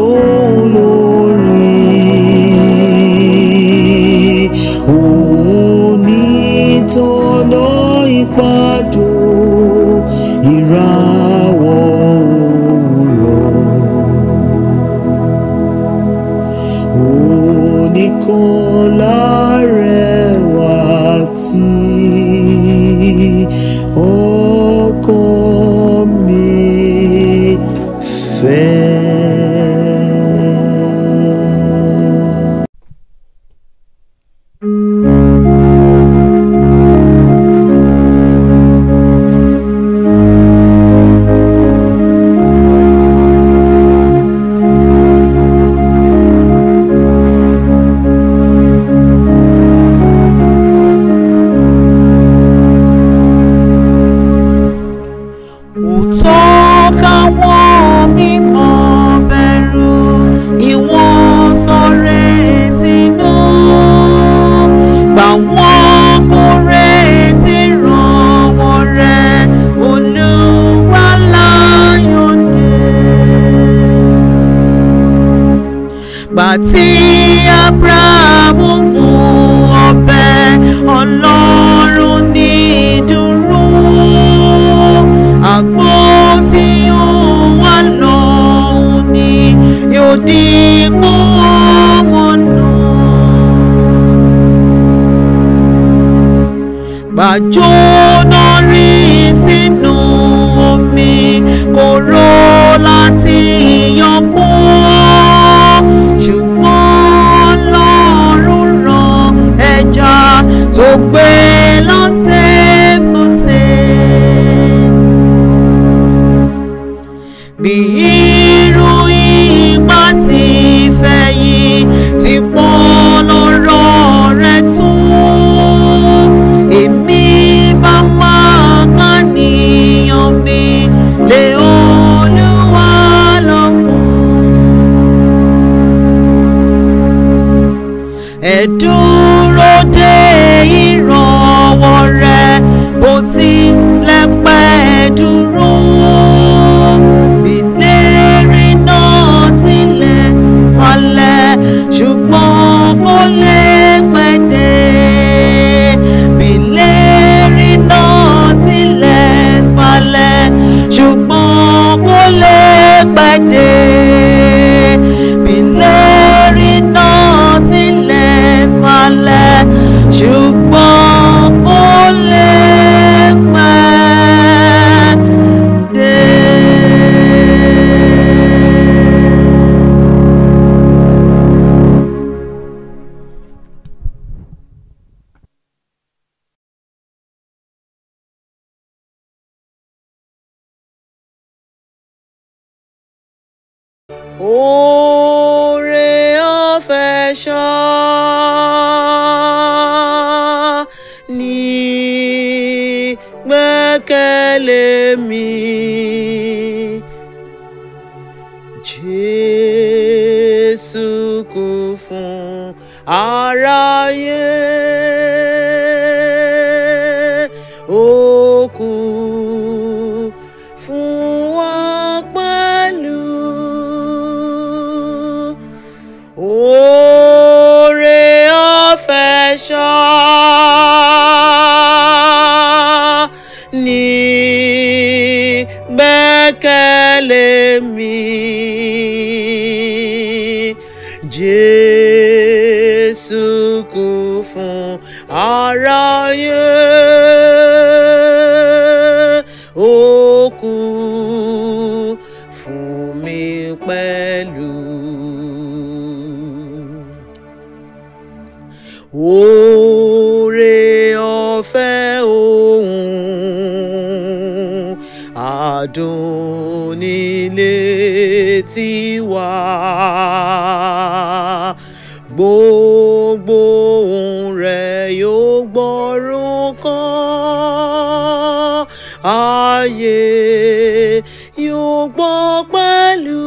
yóò gbọ́ pẹ̀lú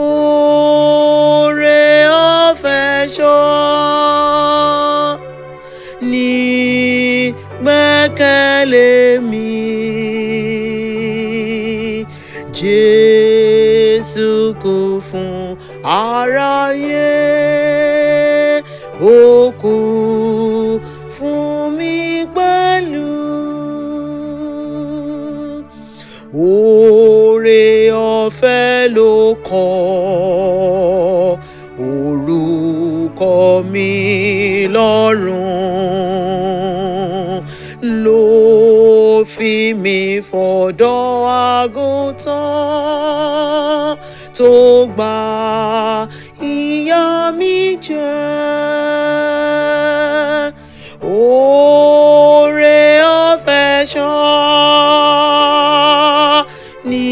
oore ọ̀fẹ́ ṣọ́ ní gbẹ́kẹ̀lé mi Jésù kò fún aráyé. fi mi fọ̀dọ́ àgùntàn tó gba ìyà mi jẹ́. Oore ọ̀fẹ́ ṣá ni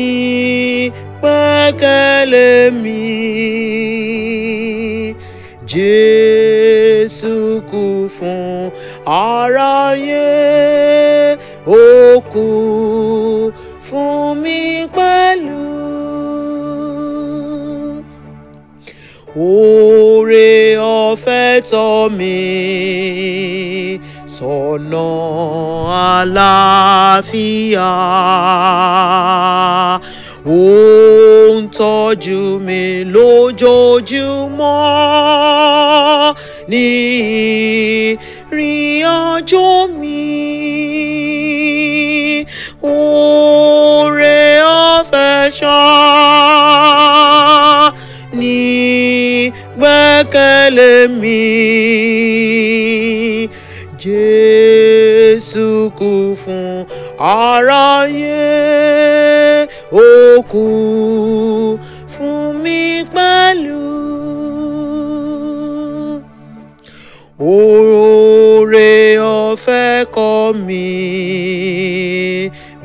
pẹ́kẹ́lé mi. Jésù kú fún aráyé kù fún mi pẹ̀lú. Oore ọ̀fẹ́ tọ́ mi sọ̀nà àlàáfíà ó ń tọ́jú mi lójoojúmọ́ ní ìrìn àjò mi. gbẹ́kẹ̀lé mi. Jésù kú fún aráyé ó kú fún mi pẹ̀lú. Oore ọ̀fẹ́ kọ́ mi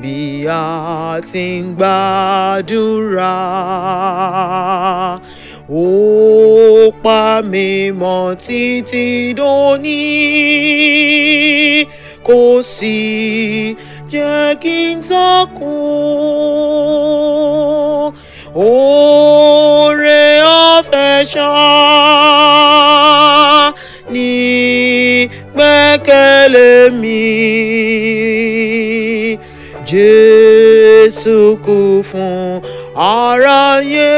bí a ti ń gbàdúrà. Oh ó pa mí mọ́ títí dòní kò sí jẹ́ kí n takò oore ọ̀fẹ́ ṣá ní gbẹ́kẹ̀lé mi Jésù kú fún aráyé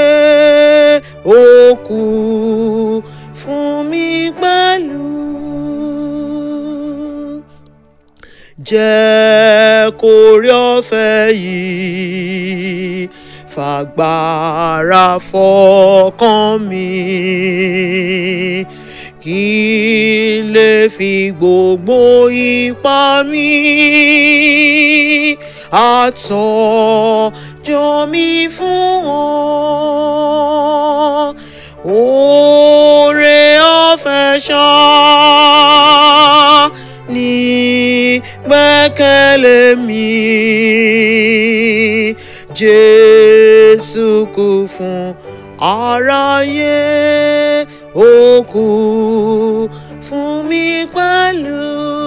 ó kù fún mi pẹ̀lú. jẹ́ kó rí ọ̀fẹ́ yìí fàgbára fọkàn mi kí lè fi gbogbo ipá mi àtọ̀jọ́ mi fún ọ oore ọ̀fẹ́ ṣá ní gbẹ́kẹ̀lé mi Jésù kú fún aráyé ó fún mi pẹ̀lú.